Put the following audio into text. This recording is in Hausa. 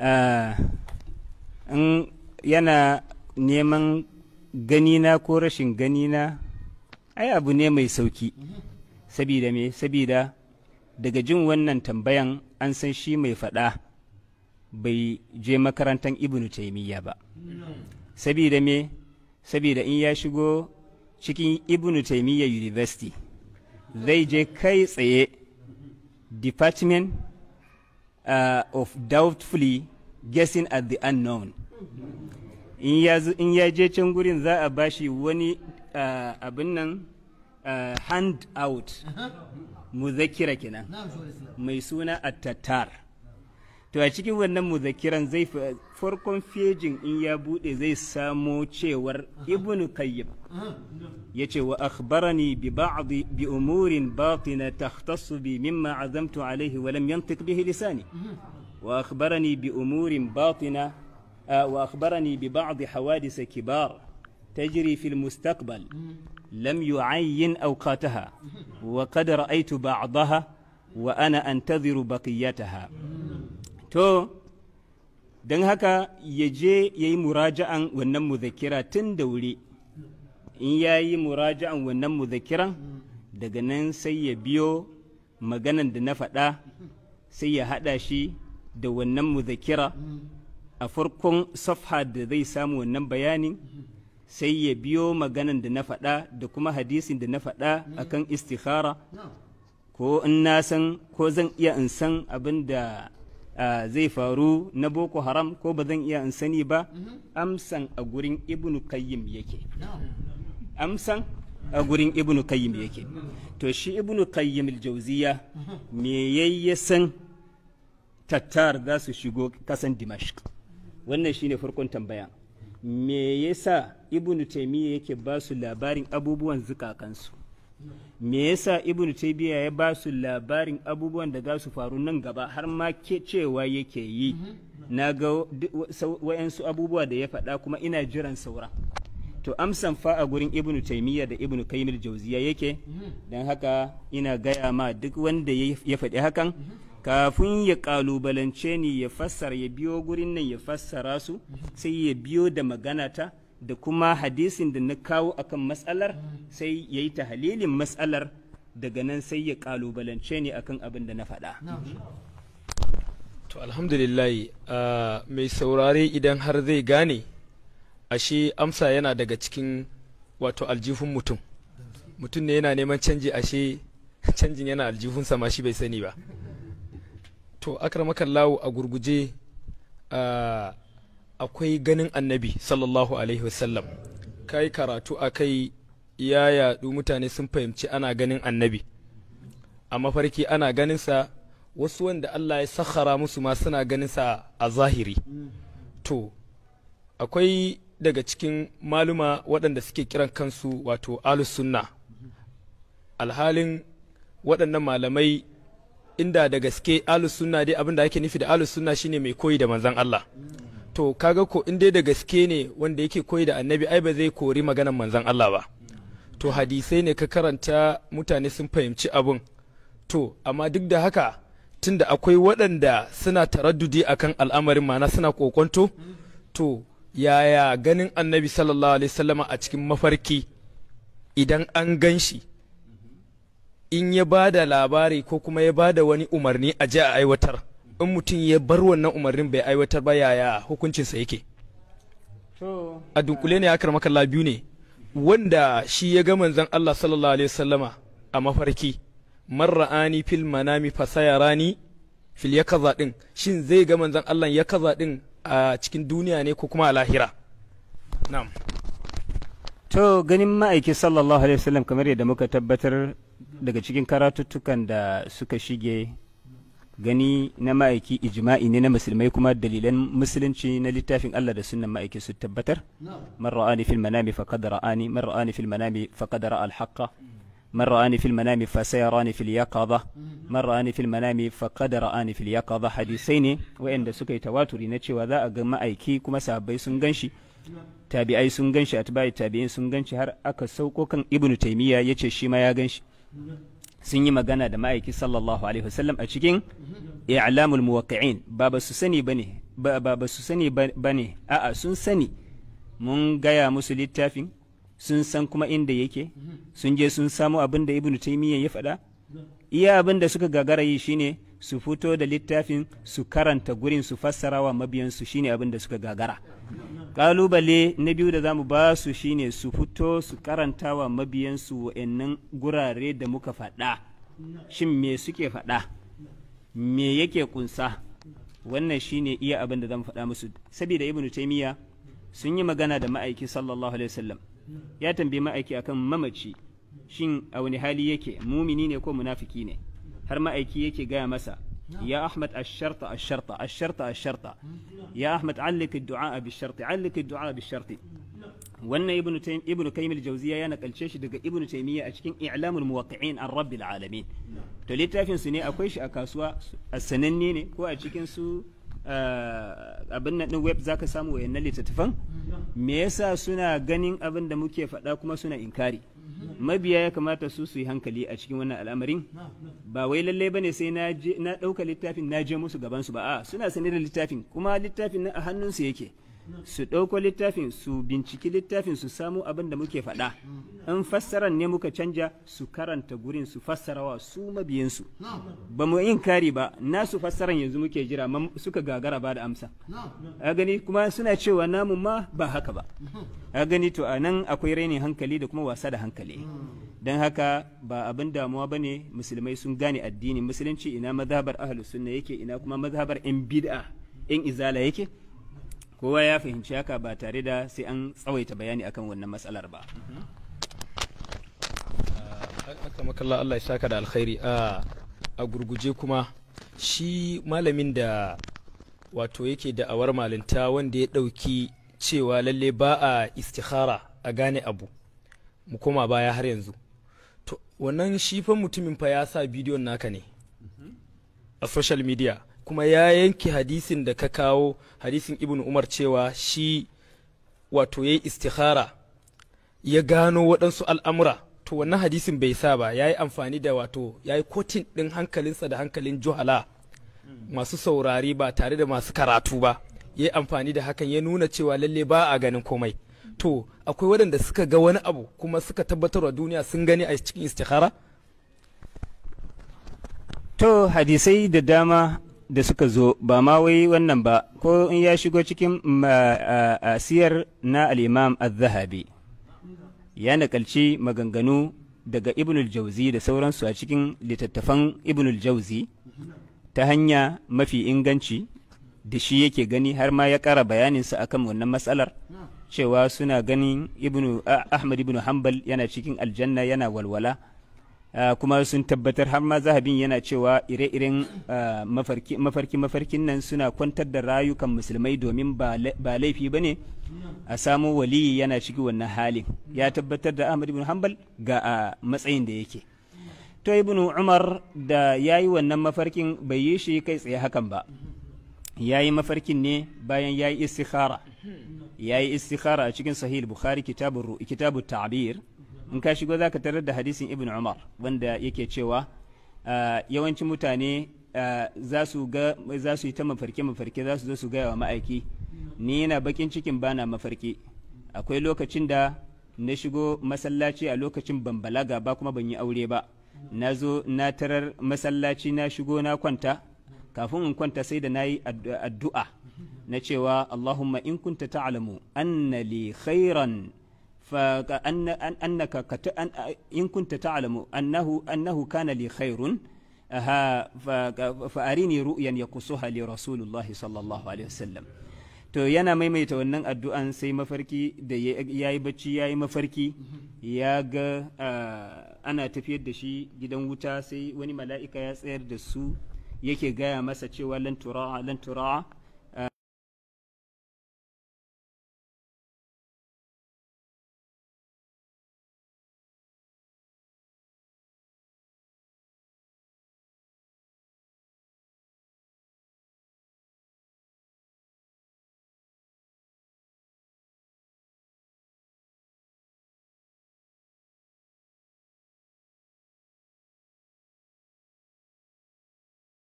Eh, in yana neman ganina ko rashin ganina ai abu ne mai sauki sabida me sabida daga jin wannan tambayan an san shi mai faɗa bai je makarantar ibnu taimiyya ba sabida me sabida in ya shigo cikin ibnu taimiyya university zai je kai tsaye department uh, of doubtfully guessing at the unknown in ya je can gurin za a bashi wani uh, abin nan uh, hand out uh-huh. muzakira kenan mai suna at to a cikin wannan muzakiran zai farkon fejin in ya bude zai samu cewar ibnu kayyib yace wa akhbarani bi ba'd bi umurin batina tahtassu bi mimma azamtu alayhi wa lam yantiq bihi lisani wa akhbarani bi umurin batina wa akhbarani bi ba'd hawadith kibar تجري في المستقبل لم يعين أوقاتها وقد رأيت بعضها وأنا أنتظر بقيتها to don haka ya je ya yi muraja'an wannan muzakira tun da wuri in ya yi muraja'an wannan muzakiran daga nan sai ya biyo maganan da na faɗa sai ya haɗa shi da wannan muzakira a farkon safha da zai samu wannan bayanin sai ya biyo maganan da na faɗa da kuma hadisin da na faɗa akan istikhara ko in na san ko zan iya in san abin da zai faru na boko haram ko ba zan iya in sani ba amsan a gurin ibnu kayyim yake amsan a gurin ibnu kayyim yake to shi ibnu kayyim aljawziya me san tattar za su shigo kasan dimashq wannan shine farkon tambaya me yasa ibnu taimiyya yake ba su labarin abubuwan zukakansu me yasa ibnu taibiya ya ba su labarin abubuwan da za su faru nan gaba har ma ke cewa yake yi mhm. na ga wayansu abubuwa da ya faɗa kuma ina jiran saura. to amsan fa a gurin ibnu taimiyya da ibnu kaimil jauziya yake mhm. don haka ina gaya ma duk wanda ya faɗi hakan mhm. kafin ya kalubalance ni ya fassara ya biyo gurin nan ya fassara su sai ya biyo da magana ta. da kuma hadisin da na kawo akan matsalar sai ya yi tahalilin matsalar daga nan sai ya kalubalance ni akan abin da na faɗa. To alhamdulillah ah, mai saurare idan har zai gane ashe amsa yana daga cikin wato aljihun mutum mutum ne yana neman canji ashe canjin yana aljihun sama shi bai sani ba to akarmakan lawo a gurguje ah, akwai ganin annabi sallallahu alaihi wasallam kai karatu a kai ya yaɗu mutane sun fahimci ana ganin annabi a mafarki ana ganinsa wasu wanda Allah ya sakhara musu ma suna ganinsa a zahiri to akwai daga cikin maluma waɗanda suke kiran kansu wato sunna alhalin waɗannan malamai inda da gaske sunna dai abin da ake nufi da sunna shine mai koyi da manzan Allah to kaga ko in dai da gaske ne wanda yake koyi da annabi ai ba zai kori maganar manzon Allah ba to hadisai ne ka karanta mutane sun fahimci abun to amma duk da haka tunda akwai waɗanda suna taraddudi akan al'amarin mana suna kokonto to yaya ganin annabi sallallahu alaihi wasallama a cikin mafarki idan an gan shi in ya ba da labari ko kuma ya ba da wani umarni a je a aiwatar in mutum ya bar wannan umarnin bai aiwatar ba yaya hukuncinsa yake a dunkule ne ya karmaka labiyu ne wanda shi ya ga manzon Allah sallallahu alaihi wasallama a mafarki man ra'ani fil manami fasayarani fil yakaza din shin zai ga manzon Allah ya din a cikin duniya ne ko kuma a lahira na'am to ganin ma'aiki sallallahu alaihi wasallam kamar yadda muka tabbatar daga cikin karatuttukan da suka shige gani na ma'aiki ijma'i ne na musulmai kuma dalilan musulunci na littafin Allah da sunnan ma'aiki su tabbatar man ra'ani fil manami faqad ra'ani man ra'ani fil manami faqad ra'a al haqqa man ra'ani fil manami fa sayarani fil yaqadha mhm. man ra'ani fil manami faqad ra'ani fil yaqadha hadisai ne wa'anda suka yi tawaturi na cewa za a ga ma'aiki kuma sahabbai sun ganshi tabi'ai sun ganshi atba'i tabi'in sun ganshi har aka sauko kan ibnu taymiya yace shi ma ya ganshi sun yi magana da ma'aiki sallallahu alaihi wasallam a cikin i'lamul muwaqqi'in ba ba su sani bane ba ba su sani bane a'a sun sani mun gaya musu littafin sun san kuma inda yake sun je sun samu abin da ibnu taymiya ya faɗa iya abin da suka gagara yi shine su fito da littafin su karanta gurin su fassara wa mabiyansu shine abin da suka gagara kalubale na biyu da zamu ba su shine su fito su karanta wa mabiyansu wa'annan gurare da muka faɗa shin me suke faɗa me yake kunsa wannan shine iya abin da zan faɗa musu saboda ibnu taymiya sun yi magana da ma'aiki sallallahu alaihi wasallam ya tambayi ma'aiki akan mamaci shin a wani hali yake mumini ne ko munafiki ne har ma'aiki yake gaya masa يا أحمد الشرطة الشرطة الشرطة الشرطة يا أحمد علق الدعاء بالشرط علق الدعاء بالشرط wannan ibn ibn kayyim al ya nakalce shi daga ibn taymiya a cikin i'lamul muwaqqi'in an rabbil alamin to littafin ne akwai shi a kasuwa a sananne ne ko a cikin su abin nan zaka samu wayannan littattafan me yasa suna ganin abin da muke faɗa kuma suna inkari mabiya ya kamata su su yi hankali a cikin wannan al'amarin ba wai lalle ne sai na ɗauka littafin na je musu gabansu su ba a suna sane da littafin kuma littafin nan a hannunsu yake su ɗauko littafin su binciki littafin su samu abin da muke faɗa in fassaran ne muka canja su karanta gurin su fassarawa su mabiyansu ba mu yin kari ba nasu fassaran yanzu muke jira suka gagara ba da amsa a gani kuma suna cewa namu ma ba haka ba a gani to a nan akwai rainin hankali da kuma wasa da hankali don haka ba abin damuwa ba ne musulmai sun gane addini musulunci ina mazhabar ahlus sunna yake ina kuma mazhabar yan bid'a yan izala yake kowa ya fahimci haka ba tare da sai an tsawaita bayani akan wannan matsalar ba ah, makalla Allah ya saka da alkhairi ah, a gurguje kuma shi malamin da wato yake da awar malinta wanda ya ɗauki cewa lalle ba a istikhara a gane abu mu koma baya har yanzu to wannan shifan mutumin fa ya sa bidiyon naka ne a social media kuma ya yanke hadisin da ka kawo hadisin ibn umar cewa shi wato ya yi istihara ya gano waɗansu al'amura to wannan hadisin bai sa ba ya yi amfani da wato ya yi kotin ɗin hankalinsa da hankalin juhala masu saurari ba tare da masu karatu ba ya yi amfani da hakan ya nuna cewa lalle ba a ganin komai to akwai waɗanda suka ga wani abu kuma suka tabbatar wa duniya sun gani a cikin istihara to hadisai da dama da suka zo ba ma wai wannan ba ko in ya shigo cikin mm, asiyar na al'imam al-zahabi ya nakalci maganganu daga ibnul jauzi da sauransu a cikin littattafan ibnul jauzi ta hanya mafi inganci da shi yake gani har ma ya ƙara bayaninsa akan wannan matsalar cewa suna ganin ahmad ibn hanbal yana cikin aljanna yana walwala Ah, kuma sun tabbatar har ma zahabin yana cewa ire-iren ah, mafarki-mafarkin nan suna kwantar da rayukan musulmai domin ba laifi ba ne a samu waliyi yana shiga wannan halin ya tabbatar da ahmad ibn hanbal ga a ah, matsayin da yake to ibn umar da ya yi wannan mafarkin bai yi shi kai tsaye hakan ba ya yi mafarkin ne bayan ya yi istikhara ya yi istikhara a cikin sahih bukhari kitabu ta'bir in ka shigo zaka tarar da hadisin ibn umar wanda yake cewa ah, yawancin mutane ah, za su yi ta mafarki mafarki za su zo su gaya wa ma'aiki ni yana bakin cikin bana mafarki akwai lokacin da na shigo masallaci a lokacin ban balaga ba kuma ban yi aure ba na zo na tarar masallaci na shigo na kwanta kafin in kwanta sai da na yi addu'a na cewa allahumma in kunta ta'lamu anna li khairan فأنك إن كنت تعلم أنه, أنه كان لي خير فأريني رؤيا يقصها لرسول الله صلى الله عليه وسلم to yana maimaita wannan addu'an sai mafarki da ya yi bacci ya yi mafarki ya ga ana tafiyar da shi gidan wuta sai wani mala'ika ya tsayar da su yake gaya masa cewa lan tura'a